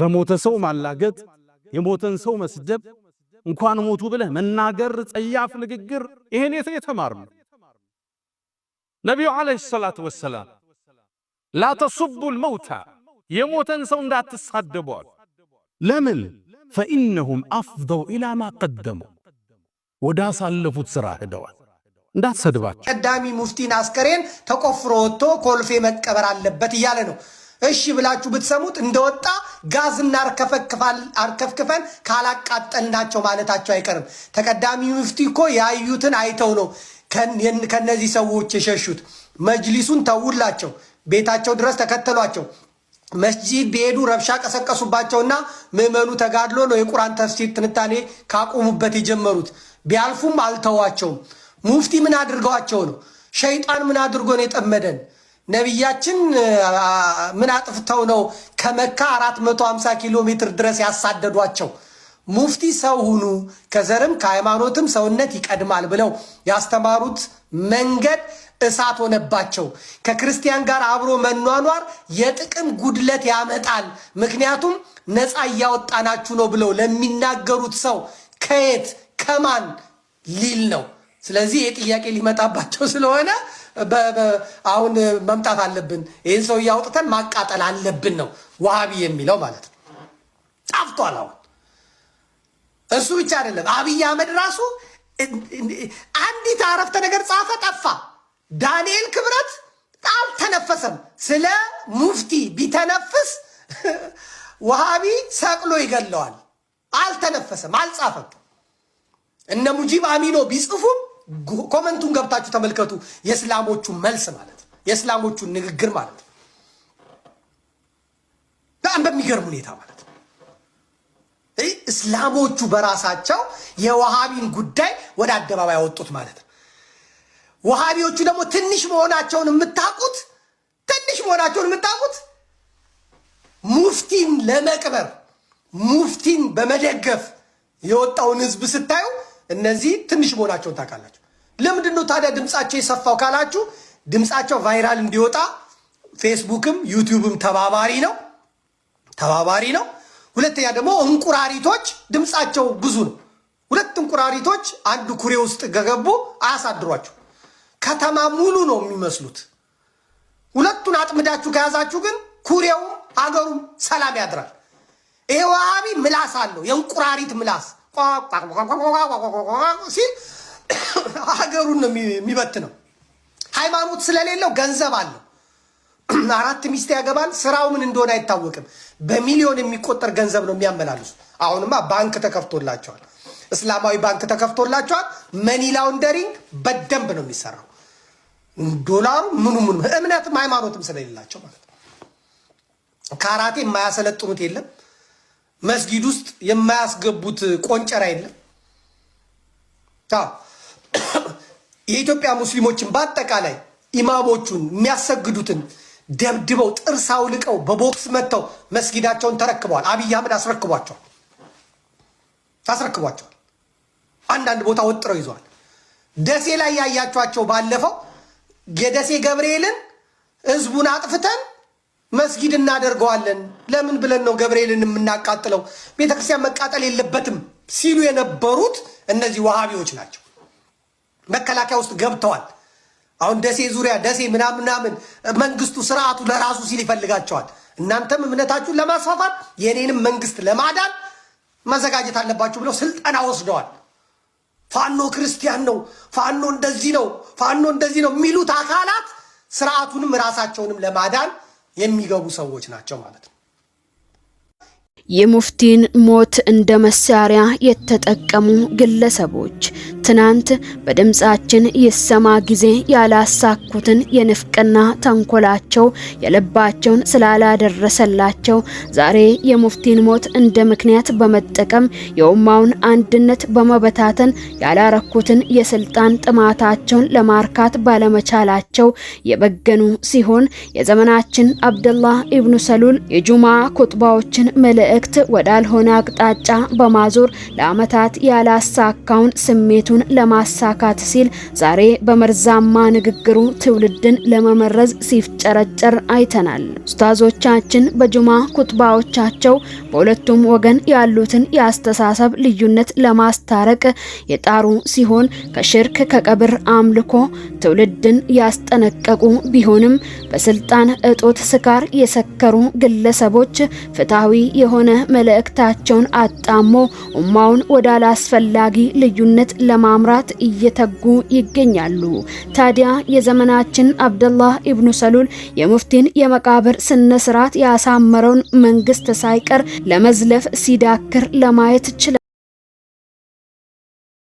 በሞተ ሰው ማላገጥ፣ የሞተን ሰው መስደብ፣ እንኳን ሞቱ ብለህ መናገር፣ ጸያፍ ንግግር ይሄን የት የተማርነው? ነቢዩ ዓለይሂ ሰላቱ ወሰላም ላ መውታ የሞተን ሰው እንዳትሳደቧል። ለምን ፈኢነሁም አፍደው ኢላ ማ ቀደሙ ወደ አሳለፉት ሥራ ሄደዋል። እንዳትሰድባቸው። ቀዳሚ ሙፍቲን አስከሬን ተቆፍሮ ወጥቶ ኮልፌ መቀበር አለበት እያለ ነው። እሺ ብላችሁ ብትሰሙት እንደወጣ ጋዝ አርከፍክፈን ካላቃጠልናቸው ማለታቸው አይቀርም። ተቀዳሚ ሙፍቲ እኮ ያዩትን አይተው ነው ከነዚህ ሰዎች የሸሹት። መጅሊሱን ተውላቸው፣ ቤታቸው ድረስ ተከተሏቸው። መስጂድ ቢሄዱ ረብሻ ቀሰቀሱባቸውና ምዕመኑ ተጋድሎ ነው የቁርአን ተፍሲር ትንታኔ ካቆሙበት የጀመሩት። ቢያልፉም አልተዋቸውም። ሙፍቲ ምን አድርገዋቸው ነው? ሸይጣን ምን አድርጎ ነው የጠመደን? ነቢያችን ምን አጥፍተው ነው ከመካ 450 ኪሎ ሜትር ድረስ ያሳደዷቸው? ሙፍቲ ሰው ሁኑ፣ ከዘርም ከሃይማኖትም ሰውነት ይቀድማል ብለው ያስተማሩት መንገድ እሳት ሆነባቸው። ከክርስቲያን ጋር አብሮ መኗኗር የጥቅም ጉድለት ያመጣል፣ ምክንያቱም ነፃ እያወጣናችሁ ነው ብለው ለሚናገሩት ሰው ከየት ከማን ሊል ነው። ስለዚህ የጥያቄ ጥያቄ ሊመጣባቸው ስለሆነ አሁን መምጣት አለብን፣ ይህን ሰው አውጥተን ማቃጠል አለብን ነው ዋሃቢ የሚለው ማለት ነው። ጣፍቷል። አሁን እሱ ብቻ አይደለም፣ አብይ አህመድ ራሱ አንዲት አረፍተ ነገር ጻፈ፣ ጠፋ። ዳንኤል ክብረት አልተነፈሰም። ስለ ሙፍቲ ቢተነፍስ ዋሃቢ ሰቅሎ ይገለዋል። አልተነፈሰም፣ አልጻፈም። እነ ሙጂብ አሚኖ ቢጽፉም ኮመንቱን ገብታችሁ ተመልከቱ። የእስላሞቹ መልስ ማለት ነው፣ የእስላሞቹ ንግግር ማለት ነው። በጣም በሚገርም ሁኔታ ማለት ነው። እስላሞቹ በራሳቸው የዋሃቢን ጉዳይ ወደ አደባባይ ያወጡት ማለት ነው። ውሃቢዎቹ ደግሞ ትንሽ መሆናቸውን የምታውቁት ትንሽ መሆናቸውን የምታውቁት ሙፍቲን ለመቅበር ሙፍቲን በመደገፍ የወጣውን ህዝብ ስታዩ እነዚህ ትንሽ መሆናቸውን ታውቃላችሁ። ለምንድን ነው ታዲያ ድምፃቸው የሰፋው ካላችሁ ድምፃቸው ቫይራል እንዲወጣ ፌስቡክም ዩቲዩብም ተባባሪ ነው ተባባሪ ነው። ሁለተኛ ደግሞ እንቁራሪቶች ድምፃቸው ብዙ ነው። ሁለት እንቁራሪቶች አንድ ኩሬ ውስጥ ገገቡ አያሳድሯችሁ። ከተማ ሙሉ ነው የሚመስሉት። ሁለቱን አጥምዳችሁ ከያዛችሁ ግን ኩሬውም አገሩም ሰላም ያድራል። ይሄ ዋሃቢ ምላስ አለው፣ የእንቁራሪት ምላስ ሲል ሀገሩን ነው የሚበት ነው። ሃይማኖት ስለሌለው ገንዘብ አለው። አራት ሚስት ያገባል። ስራው ምን እንደሆነ አይታወቅም። በሚሊዮን የሚቆጠር ገንዘብ ነው የሚያመላልሱ። አሁንማ ባንክ ተከፍቶላቸዋል፣ እስላማዊ ባንክ ተከፍቶላቸዋል። መኒ ላውንደሪንግ በደንብ ነው የሚሰራው። ዶላሩ ምኑ ምኑ እምነትም ሃይማኖትም ስለሌላቸው ማለት ነው። ካራቴ የማያሰለጥኑት የለም መስጊድ ውስጥ የማያስገቡት ቆንጨራ የለም። የኢትዮጵያ ሙስሊሞችን በአጠቃላይ ኢማሞቹን የሚያሰግዱትን ደብድበው ጥርስ አውልቀው በቦክስ መጥተው መስጊዳቸውን ተረክበዋል። አብይ አህመድ አስረክቧቸዋል ታስረክቧቸዋል። አንዳንድ ቦታ ወጥረው ይዘዋል። ደሴ ላይ ያያቸዋቸው ባለፈው የደሴ ገብርኤልን ህዝቡን አጥፍተን መስጊድ እናደርገዋለን ለምን ብለን ነው ገብርኤልን የምናቃጥለው? ቤተክርስቲያን መቃጠል የለበትም ሲሉ የነበሩት እነዚህ ዋሃቢዎች ናቸው። መከላከያ ውስጥ ገብተዋል። አሁን ደሴ ዙሪያ ደሴ ምናምን ምናምን መንግስቱ ስርዓቱ ለራሱ ሲል ይፈልጋቸዋል። እናንተም እምነታችሁን ለማስፋፋት የእኔንም መንግስት ለማዳን መዘጋጀት አለባችሁ ብለው ስልጠና ወስደዋል። ፋኖ ክርስቲያን ነው፣ ፋኖ እንደዚህ ነው፣ ፋኖ እንደዚህ ነው የሚሉት አካላት ስርዓቱንም ራሳቸውንም ለማዳን የሚገቡ ሰዎች ናቸው ማለት ነው። የሙፍቲን ሞት እንደ መሳሪያ የተጠቀሙ ግለሰቦች ትናንት በድምፃችን ይሰማ ጊዜ ያላሳኩትን የንፍቅና ተንኮላቸው የልባቸውን ስላላደረሰላቸው ዛሬ የሙፍቲን ሞት እንደ ምክንያት በመጠቀም የኡማውን አንድነት በመበታተን ያላረኩትን የስልጣን ጥማታቸውን ለማርካት ባለመቻላቸው የበገኑ ሲሆን የዘመናችን አብደላህ ኢብኑ ሰሉል የጁማ ኩጥባዎችን መልእ መልእክት ወዳልሆነ አቅጣጫ በማዞር ለዓመታት ያላሳካውን ስሜቱን ለማሳካት ሲል ዛሬ በመርዛማ ንግግሩ ትውልድን ለመመረዝ ሲፍጨረጨር አይተናል። ኡስታዞቻችን በጁማ ኩጥባዎቻቸው በሁለቱም ወገን ያሉትን የአስተሳሰብ ልዩነት ለማስታረቅ የጣሩ ሲሆን ከሽርክ ከቀብር አምልኮ ትውልድን ያስጠነቀቁ ቢሆንም በስልጣን እጦት ስካር የሰከሩ ግለሰቦች ፍትሐዊ የሆነ የሆነ መልእክታቸውን አጣሞ ኡማውን ወደ አላስፈላጊ ልዩነት ለማምራት እየተጉ ይገኛሉ። ታዲያ የዘመናችን አብደላህ ኢብኑ ሰሉል የሙፍቲን የመቃብር ስነ ስርዓት ያሳመረውን መንግስት ሳይቀር ለመዝለፍ ሲዳክር ለማየት ችላል።